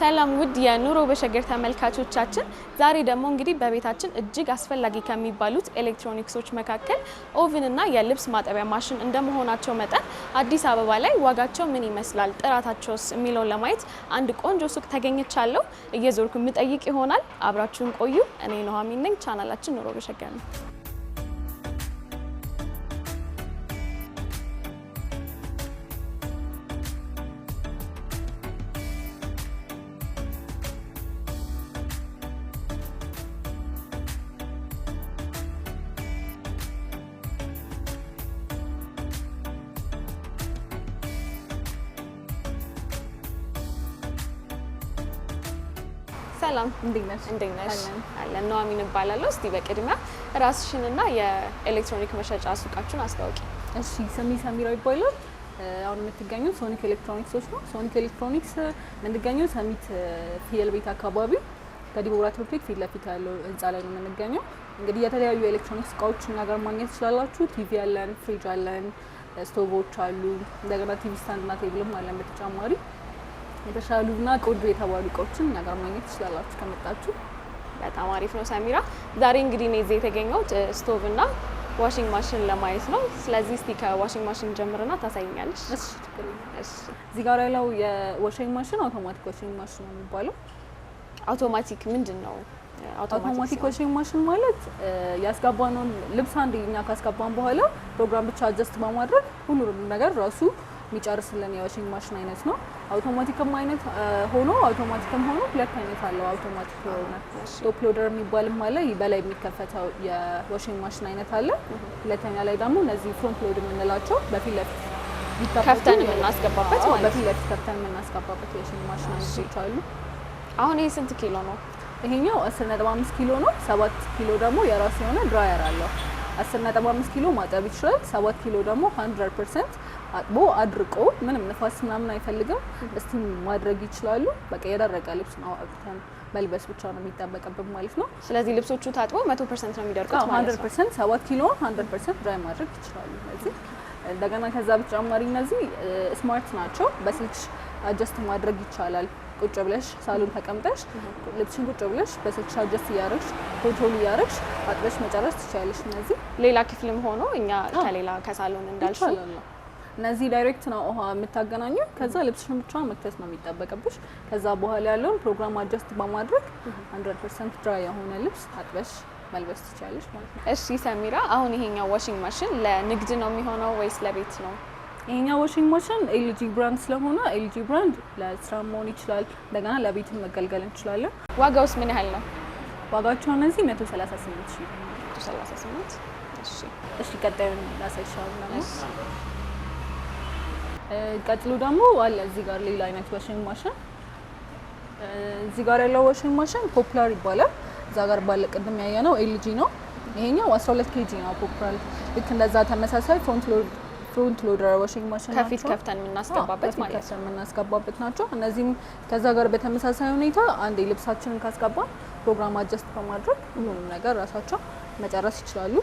ሰላም ውድ የኑሮ በሸገር ተመልካቾቻችን፣ ዛሬ ደግሞ እንግዲህ በቤታችን እጅግ አስፈላጊ ከሚባሉት ኤሌክትሮኒክሶች መካከል ኦቭን እና የልብስ ማጠቢያ ማሽን እንደመሆናቸው መጠን አዲስ አበባ ላይ ዋጋቸው ምን ይመስላል፣ ጥራታቸውስ የሚለውን ለማየት አንድ ቆንጆ ሱቅ ተገኝቻለሁ። እየዞርኩ የምጠይቅ ይሆናል። አብራችሁን ቆዩ። እኔ ነሃሚን ነኝ። ቻናላችን ኑሮ በሸገር ነው። ሰላም እንዴት ነሽ? እንዴት ነሽ? አለን። ኑሐሚን እባላለሁ። እስቲ በቅድሚያ ራስሽንና የኤሌክትሮኒክ መሸጫ ሱቃችሁን አስታውቂ። እሺ፣ ስሜ ሰሚራ ይባላል። አሁን የምትገኘው ሶኒክ ኤሌክትሮኒክሶች ነው። ሶኒክ ኤሌክትሮኒክስ የምንገኘው ሰሚት ፍየል ቤት አካባቢ ከዲቦራ ትምህርት ቤት ፊት ለፊት ያለው ህንፃ ላይ ነው የምንገኘው። እንግዲህ የተለያዩ ኤሌክትሮኒክስ እቃዎች እኛ ጋር ማግኘት ትችላላችሁ። ቲቪ አለን፣ ፍሪጅ አለን፣ ስቶቮች አሉ፣ እንደገና ቲቪ ስታንድና ቴብልም አለን በተጨማሪ የተሻሉና ቆንጆ የተባሉ እቃዎችን እኛ ጋር ማግኘት ትችላላችሁ ከመጣችሁ። በጣም አሪፍ ነው ሰሚራ። ዛሬ እንግዲህ እኔ እዚህ የተገኘሁት ስቶቭ እና ዋሽንግ ማሽን ለማየት ነው። ስለዚህ እስቲ ከዋሽንግ ማሽን ጀምርና ታሳይኛለች። እዚህ ጋር ያለው የዋሽንግ ማሽን አውቶማቲክ ዋሽንግ ማሽን ነው የሚባለው። አውቶማቲክ ምንድን ነው? አውቶማቲክ ዋሽንግ ማሽን ማለት ያስጋባነውን ልብስ አንድ እኛ ካስጋባን በኋላ ፕሮግራም ብቻ አጀስት በማድረግ ሁሉንም ነገር ራሱ የሚጨርስልን የዋሽንግ ማሽን አይነት ነው። አውቶማቲክም አይነት ሆኖ አውቶማቲክም ሆኖ ሁለት አይነት አለው። አውቶማቲክ የሆነ ቶፕ ሎደር የሚባልም አለ። በላይ የሚከፈተው የዋሽንግ ማሽን አይነት አለ። ሁለተኛ ላይ ደግሞ እነዚህ ፍሮንት ሎድ የምንላቸው በፊት ለፊት ከፍተን የምናስገባበት ማለት በፊት ለፊት ከፍተን የምናስገባበት የዋሽንግ ማሽን አይነቶች አሉ። አሁን ይህ ስንት ኪሎ ነው? ይሄኛው አምስት ኪሎ ነው። ሰባት ኪሎ ደግሞ የራሱ የሆነ ድራየር አለው። 10.5 ኪሎ ማጠብ ይችላል። 7 ኪሎ ደግሞ 100 ፐርሰንት አጥቦ አድርቆ ምንም ንፋስ ምናምን አይፈልግም። እስቲም ማድረግ ይችላሉ። በቃ የደረቀ ልብስ ነው አብተን መልበስ ብቻ ነው የሚጠበቅብን ማለት ነው። ስለዚህ ልብሶቹ ታጥቦ 100 ፐርሰንት ነው የሚደርቁት ማለት ነው። 100 7 ኪሎ 100 ፐርሰንት ድራይ ማድረግ ይችላሉ እነዚህ እንደገና ከዛ በተጨማሪ እነዚህ ስማርት ናቸው። በስልክ አጀስት ማድረግ ይቻላል። ቁጭ ብለሽ ሳሎን ተቀምጠሽ ልብስሽን ቁጭ ብለሽ በስልክሽ አጀስት እያደረግሽ ኮንትሮል እያደረግሽ አጥበሽ መጨረስ ትችላለሽ። እነዚህ ሌላ ክፍልም ሆኖ እኛ ከሌላ ከሳሎን እንዳልሽ እነዚህ ዳይሬክት ነው ውሃ የምታገናኙ። ከዛ ልብስሽን ብቻ መክተት ነው የሚጠበቅብሽ። ከዛ በኋላ ያለውን ፕሮግራም አጀስት በማድረግ 100 ድራይ የሆነ ልብስ አጥበሽ መልበስ ትችላለሽ ማለት ነው። እሺ ሰሚራ፣ አሁን ይሄኛው ዋሽንግ ማሽን ለንግድ ነው የሚሆነው ወይስ ለቤት ነው? ይሄኛ ዋሽንግ ማሽን ኤልጂ ብራንድ ስለሆነ ኤልጂ ብራንድ ለስራ መሆን ይችላል። እንደገና ለቤትም መገልገል እንችላለን። ዋጋውስ ምን ያህል ነው? ዋጋቸው እነዚህ 138 ሺህ እሺ። እሺ ቀጣዩን ላሳይሻለሁ ቀጥሎ ደግሞ አለ እዚህ ጋር ሌላ አይነት ዋሽንግ ማሽን። እዚህ ጋር ያለው ዋሽንግ ማሽን ፖፕላር ይባላል። እዛ ጋር ባለ ቅድም ያየ ነው ኤልጂ ነው። ይሄኛው 12 ኬጂ ነው ፖፕላር። ልክ እንደዛ ተመሳሳይ ፍሮንት ሎድ ፍሮንት ሎደር ዋሽንግ ማሽን ከፊት ከፍተን የምናስገባበት ማለት ነው። ከፍተን የምናስገባበት ናቸው። እነዚህም ከዛ ጋር በተመሳሳይ ሁኔታ አንዴ ልብሳችንን ካስገባን ፕሮግራም አጀስት በማድረግ ሁሉንም ነገር ራሳቸው መጨረስ ይችላሉ።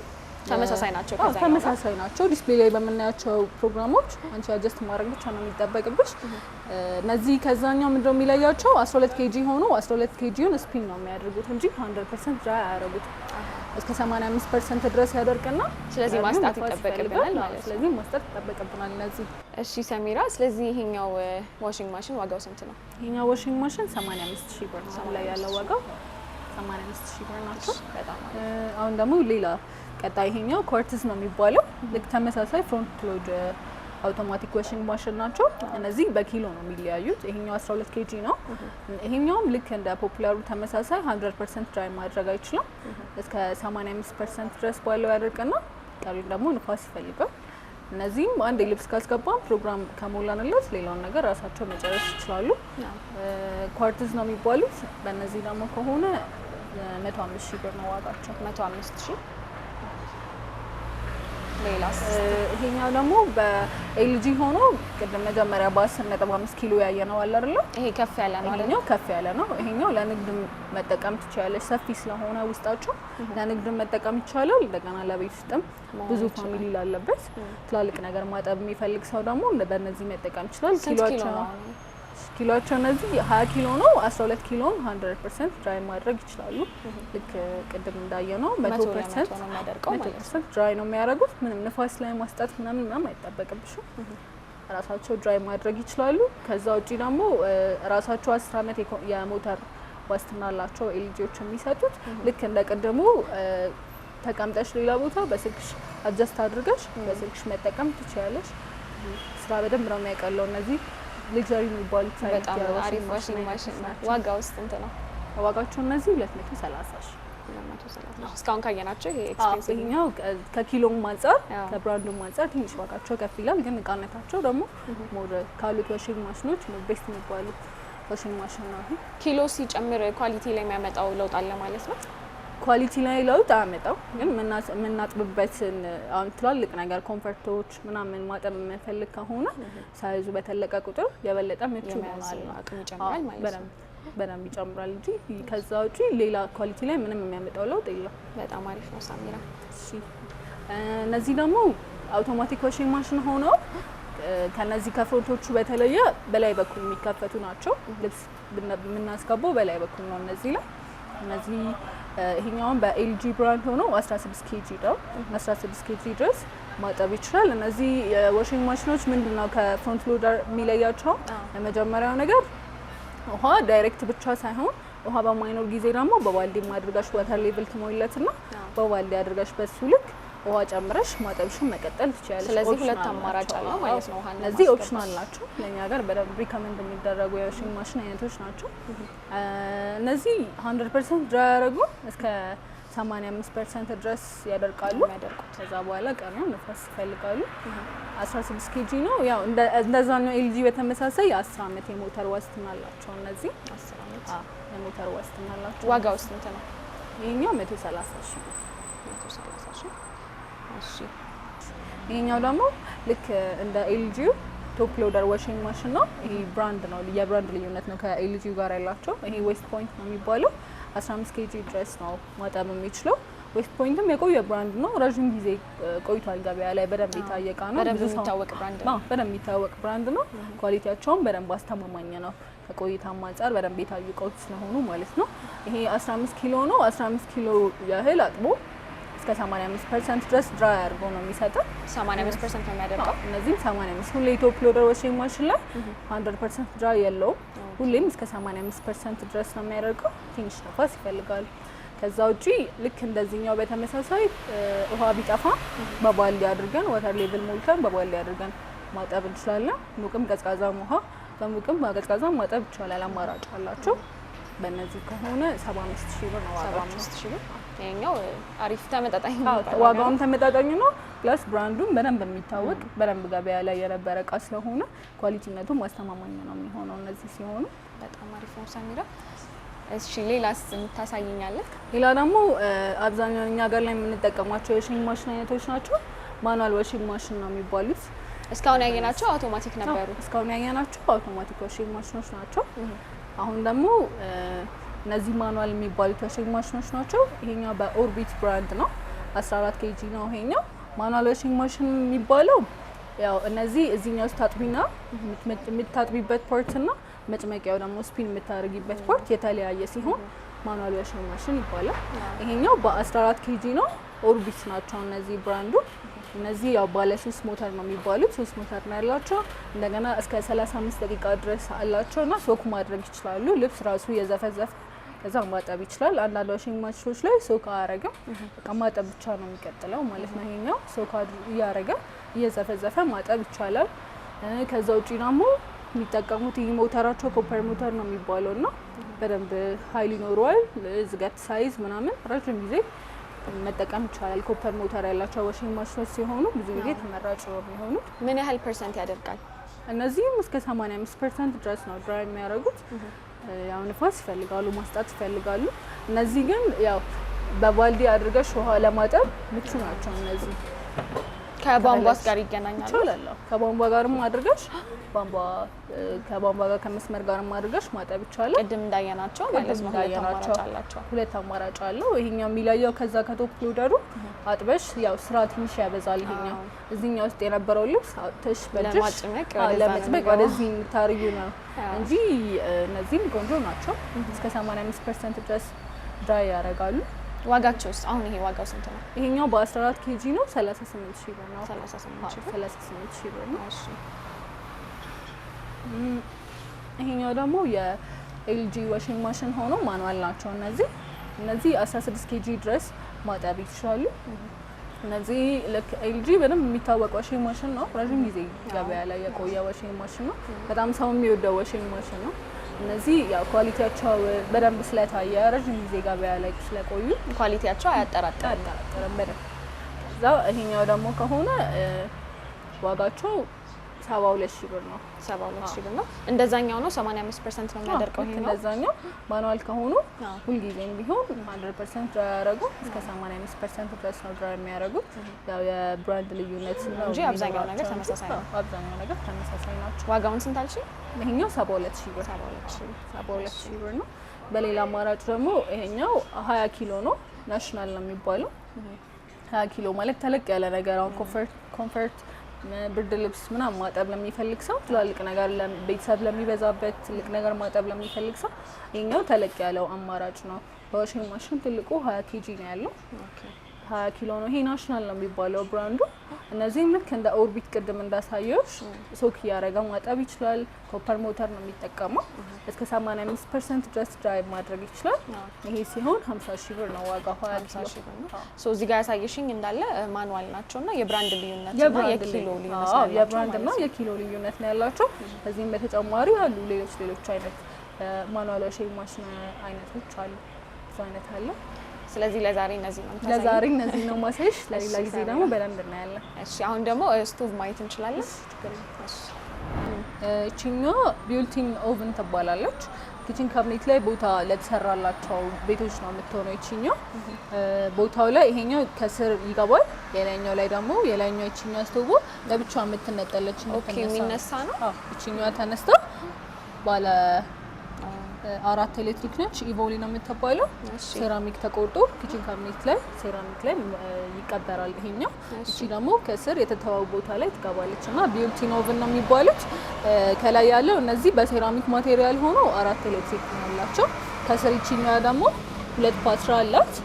ተመሳሳይ ናቸው። ተመሳሳይ ናቸው። ዲስፕሌይ ላይ በምናያቸው ፕሮግራሞች አንቺ አጀስት ማድረግ ብቻ ነው የሚጠበቅብሽ። እነዚህ ከዛኛው ምንድነው የሚለያቸው? 12 ኬጂ ሆኖ 12 ኬጂውን ስፒን ነው የሚያደርጉት እንጂ 100 ፐርሰንት ድራይ አያደርጉት። እስከ 85 ፐርሰንት ድረስ ያደርቅና ስለዚህ ማስጣት ይጠበቅብናል ማለት ስለዚህ ማስጣት ይጠበቅብናል። እነዚህ እሺ፣ ሰሚራ፣ ስለዚህ ይሄኛው ዋሽንግ ማሽን ዋጋው ስንት ነው? ይሄኛው ዋሽንግ ማሽን 85 ሺህ ብር ነው ላይ ያለው ዋጋው 85 ሺህ ብር ናቸው። በጣም አሁን ደግሞ ሌላ ቀጣይ ይሄኛው ኮርትስ ነው የሚባለው ልክ ተመሳሳይ ፍሮንት ሎድ አውቶማቲክ ዋሽንግ ማሽን ናቸው። እነዚህ በኪሎ ነው የሚለያዩት። ይሄኛው 12 ኬጂ ነው። ይሄኛውም ልክ እንደ ፖፑላሩ ተመሳሳይ 100 ፐርሰንት ድራይ ማድረግ አይችልም። እስከ 85 ፐርሰንት ድረስ ባለው ያደርቅና ቀሪም ደግሞ ንፋስ ይፈልጋል። እነዚህም አንድ ልብስ ካስገባም ፕሮግራም ከሞላንለት ሌላውን ነገር ራሳቸው መጨረስ ይችላሉ። ኳርትዝ ነው የሚባሉት። በእነዚህ ደግሞ ከሆነ 105 ሺህ ብር ነው ዋጋቸው 105 ሺህ ሌላስ? ይሄኛው ደግሞ በኤልጂ ሆኖ ቅድም መጀመሪያ በአስር ነጥብ አምስት ኪሎ ያየ ነው አለ አይደለ? ይሄ ከፍ ያለ ነው። ይሄኛው ከፍ ያለ ነው። ይሄኛው ለንግድ መጠቀም ትችላለች። ሰፊ ስለሆነ ውስጣቸው ለንግድ መጠቀም ይቻላል። እንደገና ለቤት ውስጥም ብዙ ፋሚሊ ላለበት ትላልቅ ነገር ማጠብ የሚፈልግ ሰው ደግሞ በእነዚህ መጠቀም ይችላል። ኪሎቸው ኪሎቸው እነዚህ ሀያ ኪሎ ነው። አስራ ሁለት ኪሎም ሀንድረድ ፐርሰንት ድራይ ማድረግ ይችላሉ። ልክ ቅድም እንዳየ ነው መቶ ፐርሰንት ድራይ ነው የሚያደርጉት። ምንም ንፋስ ላይ ማስጣት ምናምን ምናምን አይጠበቅብሽም። ራሳቸው ድራይ ማድረግ ይችላሉ። ከዛ ውጪ ደግሞ ራሳቸው አስር አመት የሞተር ዋስትና አላቸው ኤልጂዎች የሚሰጡት ልክ እንደ ቅድሙ ተቀምጠሽ ሌላ ቦታ በስልክሽ አጀስት አድርገሽ በስልክሽ መጠቀም ትችያለሽ። ስራ በደንብ ነው የሚያቀለው እነዚህ ሌክዘሪ የሚባሉት ዋሽንግ ማሽን ዋጋ ውስጥ እንት ነው። ዋጋቸው እነዚህ ሁለት መቶ ሰላሳ እስካሁን ካየናቸው ከኪሎም አንጻር ከብራንዱም አንጻር ትንሽ ዋጋቸው ከፍ ይላል፣ ግን እቃነታቸው ደግሞ ካሉት ዋሽንግ ማሽኖች ቤስት ማሽን ነው። ኪሎ ሲጨምር ኳሊቲ ላይ የሚያመጣው ለውጥ አለ ማለት ነው። ኳሊቲ ላይ ለውጥ አያመጣው፣ ግን የምናጥብበትን አሁን ትላልቅ ነገር ኮንፈርቶች ምናምን ማጠብ የምንፈልግ ከሆነ ሳይዙ በተለቀ ቁጥር የበለጠ ምቹ ይሆናል። ይጨምራል ማለት በደንብ ይጨምራል እንጂ ከዛ ውጪ ሌላ ኳሊቲ ላይ ምንም የሚያመጣው ለውጥ የለም። በጣም አሪፍ ነው ሳሚራ። እሺ እነዚህ ደግሞ አውቶማቲክ ዋሽንግ ማሽን ሆነው ከነዚህ ከፍሮንቶቹ በተለየ በላይ በኩል የሚከፈቱ ናቸው። ልብስ የምናስገባው በላይ በኩል ነው እነዚህ ላይ እነዚህ ይሄኛውን በኤልጂ ብራንድ ሆኖ 16 ኬጂ ነው። 16 ኬጂ ድረስ ማጠብ ይችላል። እነዚህ ዋሽንግ ማሽኖች ምንድነው ከፍሮንት ሎደር የሚለያቸው? የመጀመሪያው ነገር ውሃ ዳይሬክት ብቻ ሳይሆን ውሃ በማይኖር ጊዜ ደግሞ በባልዲ አድርጋሽ ዋተር ሌቭል ትሞይለትና በባልዲ አድርጋሽ በሱ ልክ ውሃ ጨምረሽ ማጠብሽን መቀጠል ትችላለሽ። ስለዚህ ሁለት አማራጭ አለ ማለት ነው። እነዚህ ኦፕሽናል ናቸው። ለእኛ ጋር በደንብ ሪከመንድ የሚደረጉ የዋሽንግ ማሽን አይነቶች ናቸው። እነዚህ 100 ፐርሰንት ድራ ያደረጉ እስከ 85 ፐርሰንት ድረስ ያደርቃሉ። ከዛ በኋላ ቀኑ ንፋስ ይፈልጋሉ። 16 ኬጂ ነው። ያው እንደዛ ነው። ኤልጂ በተመሳሳይ 10 ዓመት የሞተር ዋስትና አላቸው። እነዚህ 10 ዓመት የሞተር ዋስትና አላቸው። ዋጋ ውስጥ ነው ይሄኛው 130 ሺህ ነው። 130 ሺህ እሺ ይሄኛው ደግሞ ልክ እንደ ኤልጂ ቶፕ ሎደር ዋሽንግ ማሽን ነው። ይሄ ብራንድ ነው፣ የብራንድ ልዩነት ነው ከኤልጂ ጋር ያላቸው። ይሄ ዌስት ፖይንት ነው የሚባለው 15 ኬጂ ድረስ ነው ማጠብ የሚችለው። ዌስት ፖይንትም የቆየ ብራንድ ነው፣ ረዥም ጊዜ ቆይቷል ገበያ ላይ በደንብ የታየ ነው። በደንብ የሚታወቅ ብራንድ ነው። በደንብ የሚታወቅ ብራንድ ነው። ኳሊቲያቸውም በደንብ አስተማማኝ ነው። ከቆይታ አንጻር በደንብ የታዩ እቃዎች ስለሆኑ ማለት ነው። ይሄ 15 ኪሎ ነው። 15 ኪሎ ያህል አጥቦ እስከ 85 ፐርሰንት ድረስ ድራይ አድርጎ ነው የሚሰጠው። 85 ፐርሰንት ነው የሚያደርገው። እነዚህም 85 ሁሌ ኢትዮፕ ሎደር ዋሽንግ ማሽን ላይ 100 ፐርሰንት ድራይ የለውም። ሁሌም እስከ 85 ፐርሰንት ድረስ ነው የሚያደርገው። ትንሽ ነፋስ ይፈልጋል። ከዛ ውጪ ልክ እንደዚህኛው በተመሳሳይ ውሃ ቢጠፋ በባሊ አድርገን ወተር ሌቭል ሞልተን በባሊ አድርገን ማጠብ እንችላለን። ሙቅም ቀዝቃዛም ውሃ በሙቅም በቀዝቃዛም ማጠብ ይቻላል። አማራጭ አላቸው። በእነዚህ ከሆነ 75000 ብር ነው። 75000 ይሄኛው አሪፍ ተመጣጣኝ ዋጋውም ተመጣጣኝ ነው። ፕላስ ብራንዱም በደንብ የሚታወቅ በደንብ ገበያ ላይ የነበረ እቃ ስለሆነ ኳሊቲነቱም አስተማማኝ ነው የሚሆነው። እነዚህ ሲሆኑ በጣም አሪፍ ነው ሳሚራ። እሺ ሌላስ ታሳይኛለህ? ሌላ ደግሞ አብዛኛውን እኛ ሀገር ላይ የምንጠቀማቸው የሽንግ ማሽን አይነቶች ናቸው። ማኑዋል ወሽንግ ማሽን ነው የሚባሉት። እስካሁን ያየናቸው አውቶማቲክ ነበሩ። እስካሁን ያየናቸው አውቶማቲክ ወሽንግ ማሽኖች ናቸው። አሁን ደግሞ እነዚህ ማኑዋል የሚባሉት ዋሽንግ ማሽኖች ናቸው። ይሄኛው በኦርቢት ብራንድ ነው። 14 ኬጂ ነው ይሄኛው ማኑዋል ዋሽንግ ማሽን የሚባለው ያው እነዚህ እዚህኛው ውስጥ ታጥቢና የምታጥቢበት ፖርት እና መጭመቂያው ደግሞ ስፒን የምታደርጊበት ፖርት የተለያየ ሲሆን ማኑዋል ዋሽንግ ማሽን ይባላል። ይሄኛው በ14 ኬጂ ነው። ኦርቢት ናቸው እነዚህ ብራንዱ። እነዚህ ያው ባለ ሶስት ሞተር ነው የሚባሉት። ሶስት ሞተር ነው ያላቸው። እንደገና እስከ 35 ደቂቃ ድረስ አላቸው እና ሶክ ማድረግ ይችላሉ። ልብስ ራሱ የዘፈዘፍ ከዛ ማጠብ ይችላል። አንዳንድ ዋሽንግ ማሽኖች ላይ ሶካ አያረግም፣ በቃ ማጠብ ብቻ ነው የሚቀጥለው ማለት ነው። ይሄኛው ሶካ እያረገ እየዘፈዘፈ ማጠብ ይቻላል። ከዛ ውጪ ደግሞ የሚጠቀሙት ይህ ሞተራቸው ኮፐር ሞተር ነው የሚባለው እና በደንብ ኃይል ይኖረዋል። ዝገት ሳይዝ ምናምን ረጅም ጊዜ መጠቀም ይቻላል። ኮፐር ሞተር ያላቸው ዋሽንግ ማሽኖች ሲሆኑ ብዙ ጊዜ ተመራጭ ነው የሚሆኑት። ምን ያህል ፐርሰንት ያደርጋል? እነዚህም እስከ 85 ፐርሰንት ድረስ ነው ድራይ የሚያደርጉት። ያው ንፋስ ይፈልጋሉ፣ ማስጣት ይፈልጋሉ። እነዚህ ግን ያው በባልዲ አድርገሽ ውሃ ለማጠብ ምቹ ናቸው እነዚህ ከቧንቧስ ጋር ይገናኛል። እችላለሁ ከቧንቧ ጋርም አድርገሽ ቧንቧ ከቧንቧ ጋር ከመስመር ጋርም አድርገሽ ማጠብ ይቻላል። ቅድም እንዳየናቸው ማለት ነው ሁለት አማራጭ አለው። ይሄኛው የሚለየው ከዛ ከቶፕ ሎደሩ አጥበሽ ያው ስራ ትንሽ ያበዛል። ይሄኛው እዚህኛው ውስጥ የነበረው ልብስ አውጥተሽ በእጅሽ ለማጭመቅ ወደዚህ የምታርዩ ነው እንጂ እነዚህም ቆንጆ ናቸው። እስከ 85 ድረስ ድራይ ያደርጋሉ። ዋጋቸው ውስጥ አሁን ይሄ ዋጋው ስንት ነው? ይሄኛው በ14 ኬጂ ነው 38 ሺህ ብር ነው። 38 ሺህ ብር ነው። እሺ ይሄኛው ደግሞ የኤልጂ ዋሽንግ ማሽን ሆኖ ማንዋል ናቸው እነዚህ እነዚህ 16 ኬጂ ድረስ ማጠብ ይችላሉ። እነዚህ ልክ ኤልጂ በደንብ የሚታወቅ ዋሽንግ ማሽን ነው። ረዥም ጊዜ ገበያ ላይ የቆየ ዋሽንግ ማሽን ነው። በጣም ሰው የሚወደው ዋሽንግ ማሽን ነው። እነዚህ ያው ኳሊቲያቸው በደንብ ስለታየ ረዥም ጊዜ ገበያ ላይ ስለቆዩ ኳሊቲያቸው አያጠራጠርም በደንብ እዛው። ይሄኛው ደግሞ ከሆነ ዋጋቸው ሰባ ሁለት ሺህ ብር ነው። ሰባ ሁለት ሺህ ብር ነው። እንደዛኛው ነው። ሰማንያ አምስት ፐርሰንት ነው የሚያደርገው እንደዛኛው ማኑዋል ከሆኑ ሁልጊዜም ቢሆን ሀንድረድ ፐርሰንት ድራይ ያደረጉ እስከ ሰማንያ አምስት ፐርሰንት ድረስ ነው ያው የብራንድ ልዩነት ነው እንጂ አብዛኛው ነገር ተመሳሳይ ነው። አብዛኛው ነገር ተመሳሳይ ናቸው። ዋጋውን ስንት አልሽኝ? ይሄኛው ሰባ ሁለት ሺህ ብር ሰባ ሁለት ሺህ ብር ነው። በሌላ አማራጭ ደግሞ ይሄኛው ሀያ ኪሎ ነው። ናሽናል ነው የሚባለው ሀያ ኪሎ ማለት ተለቅ ያለ ነገር አሁን ኮንፈርት ብርድ ልብስ ምናምን ማጠብ ለሚፈልግ ሰው ትላልቅ ነገር ቤተሰብ ለሚበዛበት ትልቅ ነገር ማጠብ ለሚፈልግ ሰው ይኛው ተለቅ ያለው አማራጭ ነው። በዋሽንግ ማሽን ትልቁ ሀያ ኬጂ ነው ያለው። ሀያ ኪሎ ነው። ይሄ ናሽናል ነው የሚባለው ብራንዱ። እነዚህም ልክ እንደ ኦርቢት ቅድም እንዳሳየች ሶክ እያደረገ ማጠብ ይችላል። ኮፐር ሞተር ነው የሚጠቀመው። እስከ 85 ፐርሰንት ድረስ ድራይቭ ማድረግ ይችላል። ይሄ ሲሆን 50 ሺህ ብር ነው ዋጋ። ሀያ ሺህ ብር ነው። እዚህ ጋር ያሳየሽኝ እንዳለ uh, ማኑዋል ናቸው እና የብራንድ ልዩነት የብራንድና የኪሎ ልዩነት ነው ያላቸው። ከዚህም በተጨማሪ አሉ ሌሎች ሌሎች አይነት uh, ማኑዋል ሼቪንግ ማሽን አይነቶች አሉ። ብዙ አይነት አለ። ስለዚህ ለዛሬ እነዚህ ነው ለዛሬ እነዚህ ነው ማሳይሽ። ለሌላ ጊዜ ደግሞ በደንብ እናያለን። እሺ፣ አሁን ደግሞ ስቶቭ ማየት እንችላለን። እችኛ ቢልቲን ኦቭን ትባላለች። ኪችን ካብኔት ላይ ቦታ ለተሰራላቸው ቤቶች ነው የምትሆነው። ይችኛው ቦታው ላይ ይሄኛው ከስር ይገባል። የላይኛው ላይ ደግሞ የላይኛው ይችኛ ስቶቭ ለብቻ የምትነጠለች የሚነሳ ነው። ይችኛዋ ተነስተው ባለ አራት ኤሌክትሪክ ነች። ኢቮሊ ነው የምትባለው። ሴራሚክ ተቆርጦ ኪችን ካቢኔት ላይ ሴራሚክ ላይ ይቀበራል ይሄኛው። እቺ ደግሞ ከስር የተተወው ቦታ ላይ ትገባለች እና ቢዩቲ ኖቭን ነው የሚባሉት። ከላይ ያለው እነዚህ በሴራሚክ ማቴሪያል ሆኖ አራት ኤሌክትሪክ ነው ያላቸው። ከስር ይችኛዋ ደግሞ ሁለት ፓትራ አላት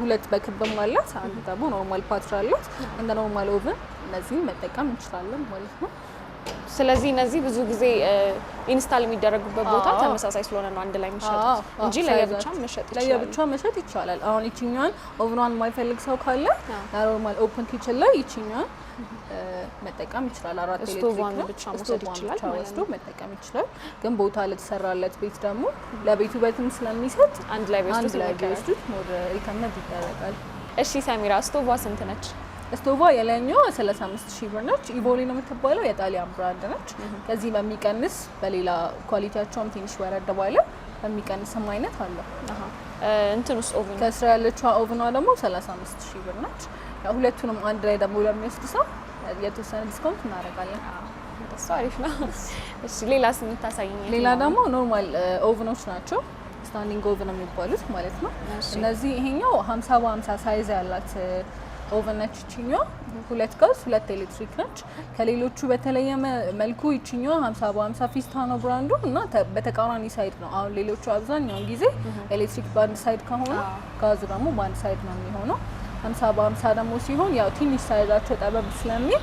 ሁለት በክብም አላት። አንድ ደግሞ ኖርማል ፓትራ አላት። እንደ ኖርማል ኦቭን እነዚህም መጠቀም እንችላለን ማለት ነው። ስለዚህ እነዚህ ብዙ ጊዜ ኢንስታል የሚደረጉበት ቦታ ተመሳሳይ ስለሆነ ነው አንድ ላይ የሚሸጡት እንጂ ለየብቻ መሸጥ ይቻላል። ለየብቻ መሸጥ ይቻላል። አሁን ይችኛዋን ኦቭኗን የማይፈልግ ሰው ካለ ኖርማል ኦፕን ኪችን ላይ ይችኛዋን መጠቀም ይችላል። አራት ኤሌክትሪክ ብቻ መውሰድ ይችላል ወስዶ መጠቀም ይችላል። ግን ቦታ ለተሰራለት ቤት ደግሞ ለቤቱ ውበትም ስለሚሰጥ አንድ ላይ ቤት ውስጥ ሞድ ሪከመንድ ይደረጋል። እሺ ሳሚራ ስቶቭ ስንት ነች? እስቶቫ የላይኛዋ 35 ሺህ ብር ነች። ኢቮሊ ነው የምትባለው የጣሊያን ብራንድ ነች። ከዚህ በሚቀንስ በሌላ ኳሊቲያቸውም ትንሽ ወረድ ባለ በሚቀንስም አይነት አለው። እንትን ውስጥ ኦቭን ከስራ ያለችዋ ኦቭኗ ደግሞ 35 ሺህ ብር ነች። ሁለቱንም አንድ ላይ ደግሞ ለሚወስድ ሰው የተወሰነ ዲስካውንት እናደርጋለን። እሱ አሪፍ ነው። እሺ ሌላስ የምታሳይኝ? ሌላ ደግሞ ኖርማል ኦቭኖች ናቸው ስታንዲንግ ኦቭን የሚባሉት ማለት ነው። እነዚህ ይሄኛው 50 በ50 ሳይዝ ያላት ኦቨነች ነች ሁለት ጋዝ ሁለት ኤሌክትሪክ ነች። ከሌሎቹ በተለየ መልኩ ይችኛ 50 በ50 ፊስታ ነው ብራንዱ እና በተቃራኒ ሳይድ ነው። አሁን ሌሎቹ አብዛኛውን ጊዜ ኤሌክትሪክ በአንድ ሳይድ ከሆነ ጋዙ ደግሞ በአንድ ሳይድ ነው የሚሆነው። 50 በ50 ደግሞ ሲሆን ያው ትንሽ ሳይዛቸው ጠበብ ስለሚል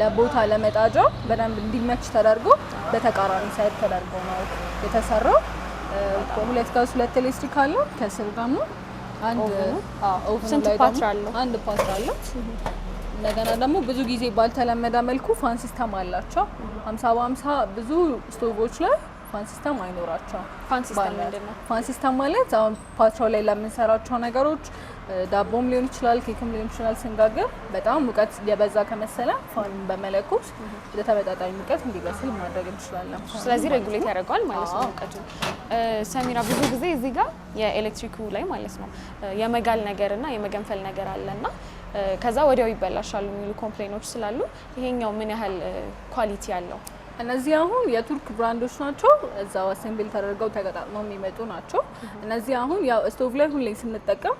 ለቦታ ለመጣጃ በደንብ እንዲመች ተደርጎ በተቃራኒ ሳይድ ተደርጎ ነው የተሰራው። ሁለት ጋዝ ሁለት ኤሌክትሪክ አለው። ከስር ደግሞ ስንት ፓትር አለው? አንድ ፓትራ አላት። እንደገና ደግሞ ብዙ ጊዜ ባልተለመደ መልኩ ፋን ሲስተም አላቸው። ሀምሳ በሀምሳ ብዙ ስቶቮች ላይ ፋን ሲስተም አይኖራቸውም። ፋን ሲስተም ማለት አሁን ፓትራው ላይ ለምንሰራቸው ነገሮች ዳቦም ሊሆን ይችላል፣ ኬክም ሊሆን ይችላል። ስንጋገር በጣም ሙቀት የበዛ ከመሰለ ፋኑን በመለኮስ ወደ ተመጣጣኝ ሙቀት እንዲበስል ማድረግ እንችላለን። ስለዚህ ሬጉሌት ያደርገዋል ማለት ነው ሙቀቱ። ሰሚራ፣ ብዙ ጊዜ እዚህ ጋር የኤሌክትሪኩ ላይ ማለት ነው የመጋል ነገር እና የመገንፈል ነገር አለ እና ከዛ ወዲያው ይበላሻሉ የሚሉ ኮምፕሌኖች ስላሉ ይሄኛው ምን ያህል ኳሊቲ አለው? እነዚህ አሁን የቱርክ ብራንዶች ናቸው። እዛው አሴምብል ተደርገው ተገጣጥመው የሚመጡ ናቸው። እነዚህ አሁን ያው ስቶቭ ላይ ሁሌ ስንጠቀም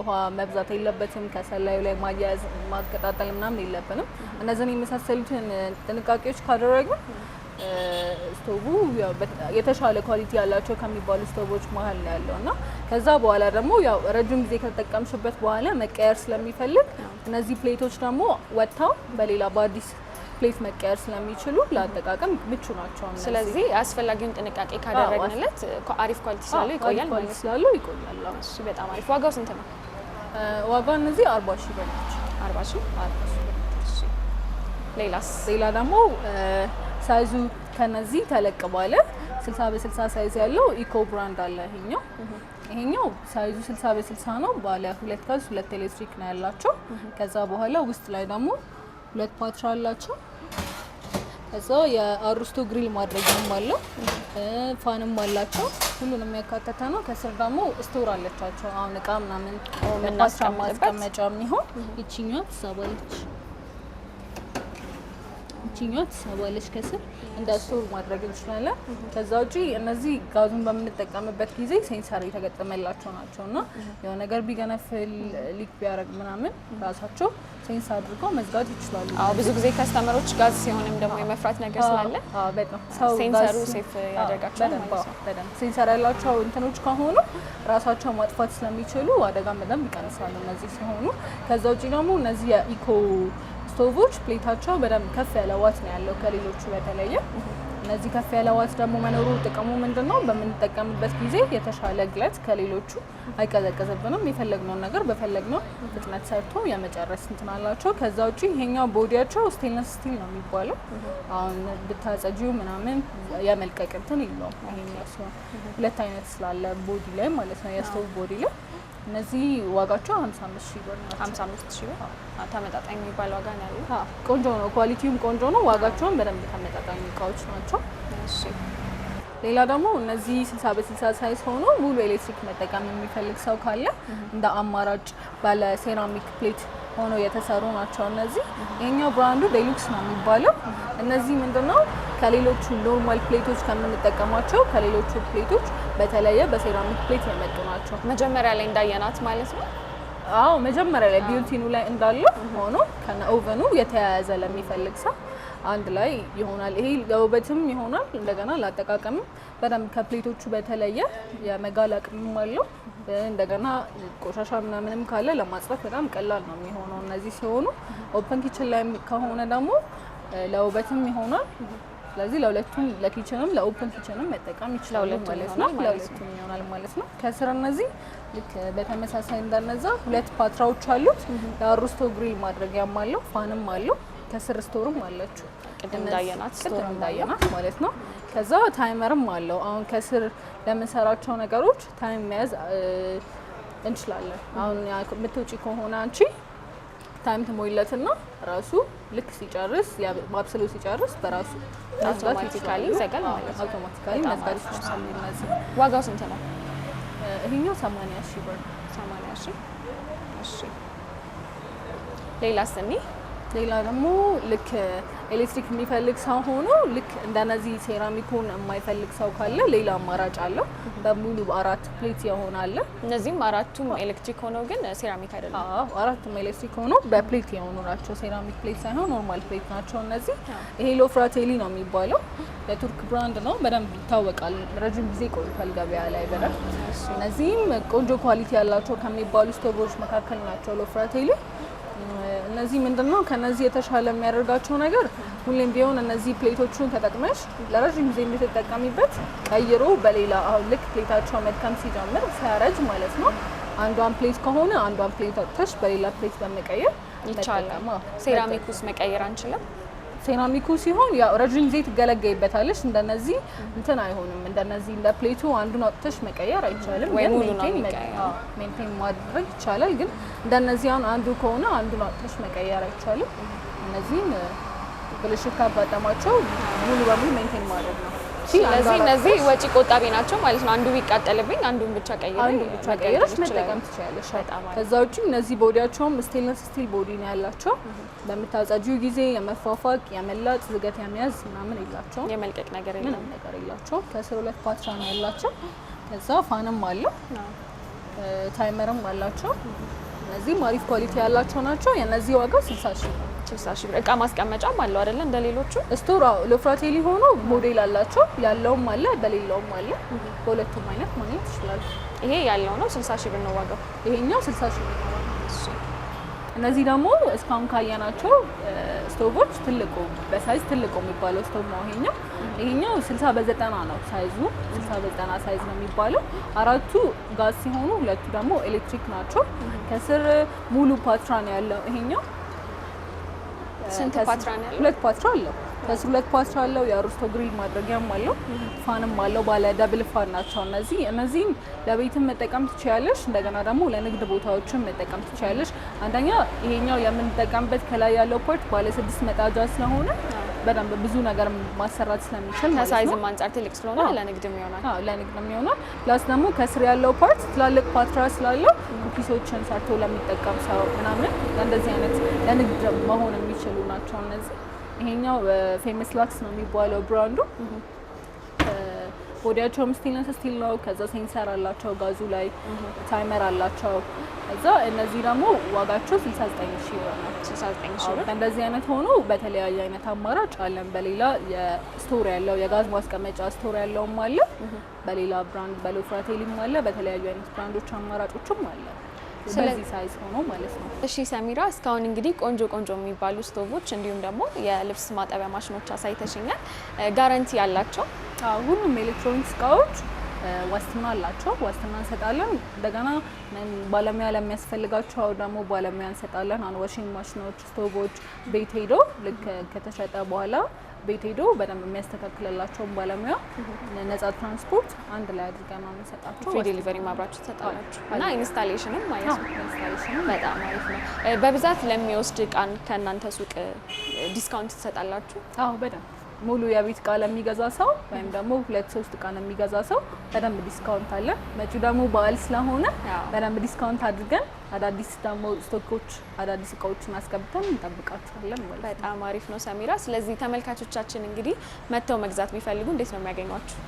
ውሃ መብዛት የለበትም። ከሰላዩ ላይ ማያያዝ ማቀጣጠል ምናምን የለብንም። እነዚህን የመሳሰሉትን ጥንቃቄዎች ካደረግን ስቶቡ የተሻለ ኳሊቲ ያላቸው ከሚባሉ ስቶቦች መሀል ነው ያለው እና ከዛ በኋላ ደግሞ ያው ረጅም ጊዜ ከተጠቀምሽበት በኋላ መቀየር ስለሚፈልግ እነዚህ ፕሌቶች ደግሞ ወጥተው በሌላ በአዲስ ፕሌት መቀየር ስለሚችሉ ለአጠቃቀም ምቹ ናቸው። ስለዚህ አስፈላጊውን ጥንቃቄ ካደረግንለት አሪፍ ኳሊቲ ስላሉ ይቆያል ማለት ስላለው ይቆያል። እሺ፣ በጣም አሪፍ። ዋጋው ስንት ነው? ዋጋው እነዚህ አርባ ሺህ ብር ናቸው። አርባ ሺህ አርባ ሺህ። ሌላስ? ሌላ ደግሞ ሳይዙ ከነዚህ ተለቅ ባለ በ60 ሳይዝ ያለው ኢኮ ብራንድ አለ ይሄኛው ይሄኛው ሳይዙ 60 በ60 ነው። ባለ ሁለት ጋዝ ሁለት ኤሌክትሪክ ነው ያላቸው። ከዛ በኋላ ውስጥ ላይ ደግሞ ሁለት ፓትራ አላቸው። ከዛ የአሩስቶ ግሪል ማድረጊያም አለው፣ ፋንም አላቸው። ሁሉንም የሚያካተተ ነው። ከስር ደግሞ ስቶር አለቻቸው። አሁን እቃ ምናምን ፓትራ ማስቀመጫ የሚሆን ይችኛዋ ትሳባለች። እችኛዋ ትሳባለች ከስር እንደ ስቶር ማድረግ እንችላለን። ከዛ ውጪ እነዚህ ጋዙን በምንጠቀምበት ጊዜ ሴንሰር የተገጠመላቸው ናቸው እና ያው ነገር ቢገነፍል ሊክ ቢያደርግ ምናምን ራሳቸው ሴንስ አድርገው መዝጋት ይችላሉ። አዎ ብዙ ጊዜ ከስተመሮች ጋዝ ሲሆንም ደግሞ የመፍራት ነገር ስላለ በጣም ሴንሰሩ ሴፍ ያደርጋቸዋል ሴንሰር ያላቸው እንትኖች ከሆኑ ራሳቸው ማጥፋት ስለሚችሉ አደጋ በጣም ይቀንሳሉ እነዚህ ሲሆኑ። ከዛ ውጪ ደግሞ እነዚህ የኢኮ ስቶቮች ፕሌታቸው በደንብ ከፍ ያለ ዋት ነው ያለው ከሌሎቹ በተለየ። እነዚህ ከፍ ያለ ዋት ደግሞ መኖሩ ጥቅሙ ምንድን ነው? በምንጠቀምበት ጊዜ የተሻለ ግለት ከሌሎቹ አይቀዘቀዝብንም። የፈለግነውን ነገር በፈለግነው ፍጥነት ሰርቶ የመጨረስ እንትን አላቸው። ከዛ ውጭ ይሄኛው ቦዲያቸው ስቴንለስ ስቲል ነው የሚባለው። አሁን ብታጸጂው ምናምን የመልቀቅ እንትን የለውም። ይሄኛው ሲሆን ሁለት አይነት ስላለ ቦዲ ላይ ማለት ነው የስቶቭ ቦዲ ላይ እነዚህ ዋጋቸው ሀምሳ አምስት ሺህ ብር ነው። ሀምሳ አምስት ሺህ ብር ተመጣጣኝ የሚባል ዋጋ ነው ያለው። ቆንጆ ነው፣ ኳሊቲውም ቆንጆ ነው። ዋጋቸውም በደንብ ተመጣጣኝ እቃዎች ናቸው። ሌላ ደግሞ እነዚህ ስልሳ በስልሳ ሳይዝ ሆኖ ሙሉ ኤሌክትሪክ መጠቀም የሚፈልግ ሰው ካለ እንደ አማራጭ ባለ ሴራሚክ ፕሌት ሆኖ የተሰሩ ናቸው። እነዚህ የኛው ብራንዱ ዴሉክስ ነው የሚባለው። እነዚህ ምንድነው ከሌሎቹ ኖርማል ፕሌቶች ከምንጠቀማቸው ከሌሎቹ ፕሌቶች በተለየ በሴራሚክ ፕሌት የመጡ ናቸው። መጀመሪያ ላይ እንዳየናት ማለት ነው። አዎ መጀመሪያ ላይ ቢዩቲኑ ላይ እንዳለ ሆኖ ከነ ኦቨኑ የተያያዘ ለሚፈልግ ሰው አንድ ላይ ይሆናል። ይሄ ለውበትም ይሆናል፣ እንደገና ለአጠቃቀምም በደንብ ከፕሌቶቹ በተለየ የመጋል አቅምም አለው። እንደገና ቆሻሻ ምናምንም ካለ ለማጽዳት በጣም ቀላል ነው የሚሆነው እነዚህ ሲሆኑ። ኦፕን ኪችን ላይ ከሆነ ደግሞ ለውበትም ይሆናል ስለዚህ ለሁለቱም ለኪችንም ለኦፕን ኪችንም መጠቀም ይችላል ማለት ነው። ለሁለቱም ይሆናል ማለት ነው። ከስር እነዚህ ልክ በተመሳሳይ እንዳነዛ ሁለት ፓትራዎች አሉት። የአሩስቶ ግሪል ማድረጊያም አለው፣ ፋንም አለው፣ ከስር ስቶርም አላችሁ ቅድም እንዳየናት ቅድም እንዳየናት ማለት ነው። ከዛ ታይመርም አለው። አሁን ከስር ለምንሰራቸው ነገሮች ታይም መያዝ እንችላለን። አሁን የምትውጪ ከሆነ አንቺ ታይም ትሞይለትና ራሱ ልክ ሲጨርስ ማብሰሉ ሲጨርስ በራሱ አውቶማቲካሊ ይዘጋል ማለት ነው። አውቶማቲካሊ ዋጋው ስንት ነው? ይሄኛው 80 ሺህ ብር። 80 ሺህ እሺ። ሌላ ስኒ ሌላ ደግሞ ልክ ኤሌክትሪክ የሚፈልግ ሰው ሆኖ ልክ እንደነዚህ ሴራሚኩን የማይፈልግ ሰው ካለ ሌላ አማራጭ አለው። በሙሉ አራት ፕሌት የሆነ አለ። እነዚህም አራቱም ኤሌክትሪክ ሆኖ ግን ሴራሚክ አይደለም። አራቱም ኤሌክትሪክ ሆኖ በፕሌት የሆኑ ናቸው። ሴራሚክ ፕሌት ሳይሆን ኖርማል ፕሌት ናቸው እነዚህ። ይሄ ሎፍራቴሊ ነው የሚባለው የቱርክ ብራንድ ነው። በደንብ ይታወቃል። ረጅም ጊዜ ቆይቷል ገበያ ላይ በደንብ። እነዚህም ቆንጆ ኳሊቲ ያላቸው ከሚባሉ ስቶቮች መካከል ናቸው ሎፍራቴሊ እነዚህ ምንድን ነው ከነዚህ የተሻለ የሚያደርጋቸው ነገር ሁሌም ቢሆን እነዚህ ፕሌቶቹን ተጠቅመሽ ለረዥም ጊዜ የምትጠቀሚበት ቀይሮ በሌላ አሁን ልክ ፕሌታቸው መድከም ሲጀምር ሲያረጅ ማለት ነው አንዷን ፕሌት ከሆነ አንዷን ፕሌት አጥተሽ በሌላ ፕሌት በመቀየር ይቻላል። ሴራሚክ ውስጥ መቀየር አንችልም። ሴራሚኩ ሲሆን ያው ረጅም ጊዜ ትገለገይበታለሽ። እንደነዚህ እንትን አይሆንም። እንደነዚህ እንደ ፕሌቱ አንዱን አውጥተሽ መቀየር አይቻልም፣ ወይ ሜንቴን ማድረግ ይቻላል። ግን እንደነዚህ አሁን አንዱ ከሆነ አንዱን አውጥተሽ መቀየር አይቻልም። እነዚህን ብልሽት ካጋጠማቸው ሙሉ በሙሉ ሜንቴን ማድረግ ነው። ስለዚህ እነዚህ ወጪ ቆጣቢ ናቸው ማለት ነው። አንዱ ቢቃጠልብኝ አንዱን ብቻ ቀይረ አንዱ ብቻ ቀይረሽ መጠቀም ትችላለሽ። ከዛ ውጭ እነዚህ ቦዲያቸውም ስቴንለስ ስቲል ቦዲ ነው ያላቸው። በምታጸጂው ጊዜ የመፋፋቅ የመላጥ ዝገት የመያዝ ምናምን የላቸውም። የመልቀቅ ነገር ምንም ነገር የላቸውም። ከስር ሁለት ፓትራ ነው ያላቸው። ከዛ ፋንም አለው ታይመርም አላቸው። እነዚህም አሪፍ ኳሊቲ ያላቸው ናቸው። የነዚህ ዋጋ ስልሳ ሺህ ነው። እቃ ማስቀመጫም አለው አይደለ? እንደ ሌሎቹ ስቶር ለፍራቴሊ ሆኖ ሞዴል አላቸው። ያለውም አለ በሌላውም አለ። በሁለቱም አይነት ማግኘት ይችላሉ። ይሄ ያለው ነው 60 ሺህ ብር ነው ዋጋው። ይሄኛው 60 ሺህ ብር ነው። እነዚህ ደግሞ እስካሁን ካየናቸው ስቶቮች ትልቁ በሳይዝ ትልቁ የሚባለው ስቶቭ ነው ይሄኛው። ይሄኛው 60 በዘጠና ነው ሳይዙ 60 በዘጠና ሳይዝ ነው የሚባለው። አራቱ ጋዝ ሲሆኑ ሁለቱ ደግሞ ኤሌክትሪክ ናቸው። ከስር ሙሉ ፓትራን ያለው ይሄኛው ስንት ፓትራ ነው ሁለት ፓትራ አለው። ከዚህ ሁለት ፓትራ አለው። የአሮስቶ ግሪል ማድረጊያም አለው፣ ፋንም አለው። ባለ ደብል ፋን ናቸው እነዚህ። እነዚህም ለቤትም መጠቀም ትችያለሽ፣ እንደገና ደግሞ ለንግድ ቦታዎችም መጠቀም ትችያለሽ። አንደኛ ይሄኛው የምንጠቀምበት ከላይ ያለው ፓርት ባለ ስድስት መጣጃ ስለሆነ በደንብ ብዙ ነገር ማሰራት ስለሚችል ከሳይዝም አንጻር ትልቅ ስለሆነ ለንግድ ይሆናል። ለንግድ ይሆናል። ፕላስ ደግሞ ከስር ያለው ፓርት ትላልቅ ፓትራ ስላለው ኩኪሶችን ሰርቶ ለሚጠቀም ሰው ምናምን እንደዚህ አይነት ለንግድ መሆን የሚችሉ ናቸው እነዚህ። ይሄኛው ፌመስ ላክስ ነው የሚባለው ብራንዱ ቦዲያቸውም ስቲልነስ ስቲል ነው። ከዛ ሴንሰር አላቸው ጋዙ ላይ ታይመር አላቸው። ከዛ እነዚህ ደግሞ ዋጋቸው 69 ሺ ብር ነው። እንደዚህ አይነት ሆኖ በተለያየ አይነት አማራጭ አለን። በሌላ የስቶር ያለው የጋዝ ማስቀመጫ ስቶር ያለውም አለ። በሌላ ብራንድ በሎፍራቴሊም አለ። በተለያዩ አይነት ብራንዶች አማራጮችም አለ። ስለዚህ ሳይዝ ሆኖ ማለት ነው። እሺ ሰሚራ፣ እስካሁን እንግዲህ ቆንጆ ቆንጆ የሚባሉ ስቶቮች እንዲሁም ደግሞ የልብስ ማጠቢያ ማሽኖች አሳይተሽኛል። ጋራንቲ ያላቸው ሁሉም ኤሌክትሮኒክስ እቃዎች ዋስትና አላቸው። ዋስትና እንሰጣለን። እንደገና ባለሙያ ለሚያስፈልጋቸው ደግሞ ባለሙያ እንሰጣለን። አሁን ዋሽንግ ማሽኖች፣ ስቶቮች ቤት ሄዶ ልክ ከተሸጠ በኋላ ቤት ሄዶ በደንብ የሚያስተካክልላቸውን ባለሙያ ነጻ ትራንስፖርት አንድ ላይ አድርገን ነው የምንሰጣቸው። ፍሪ ዴሊቨሪ ማብራችሁ ትሰጣላችሁ እና ኢንስታሌሽንም ማለት ነው። ኢንስታሌሽንም በጣም አሪፍ ነው። በብዛት ለሚወስድ እቃን ከእናንተ ሱቅ ዲስካውንት ትሰጣላችሁ? አዎ በደንብ ሙሉ የቤት እቃ ለሚገዛ ሰው ወይም ደግሞ ሁለት ሶስት እቃ ለሚገዛ ሰው በደንብ ዲስካውንት አለ። መጪው ደግሞ በዓል ስለሆነ በደንብ ዲስካውንት አድርገን አዳዲስ ደግሞ ስቶኮች አዳዲስ እቃዎችን አስገብተን እንጠብቃችኋለን። በጣም አሪፍ ነው ሰሚራ። ስለዚህ ተመልካቾቻችን እንግዲህ መጥተው መግዛት ቢፈልጉ እንዴት ነው የሚያገኟቸው?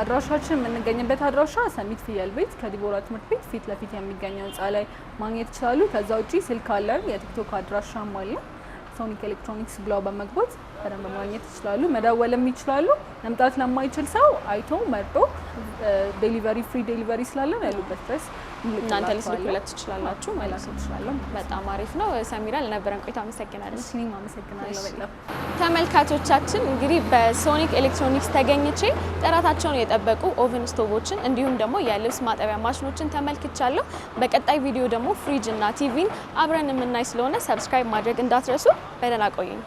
አድራሻችን የምንገኝበት አድራሻ ሰሚት ፍየል ቤት ከዲቦራ ትምህርት ቤት ፊት ለፊት የሚገኘው ህንፃ ላይ ማግኘት ይችላሉ። ከዛ ውጪ ስልክ አለን፣ የቲክቶክ አድራሻም አለን። ሶኒክ ኤሌክትሮኒክስ ብለው በመግባት በደንብ ማግኘት ይችላሉ። መደወልም ይችላሉ። መምጣት ለማይችል ሰው አይቶ መርጦ ዴሊቨሪ ፍሪ ዴሊቨሪ ስላለን ያሉበት ድረስ እናንተ ልትልኩለት ትችላላችሁ ማለት ነው። በጣም አሪፍ ነው። ሰሚራ ለነበረን ቆይታ አመሰግናለሁ። እኔም አመሰግናለሁ። ተመልካቾቻችን እንግዲህ በሶኒክ ኤሌክትሮኒክስ ተገኝቼ ጥራታቸውን የጠበቁ ኦቨን ስቶቮችን እንዲሁም ደግሞ የልብስ ማጠቢያ ማሽኖችን ተመልክቻለሁ። በቀጣይ ቪዲዮ ደግሞ ፍሪጅ እና ቲቪን አብረን የምናይ ስለሆነ ሰብስክራይብ ማድረግ እንዳትረሱ። በደህና ቆዩኝ።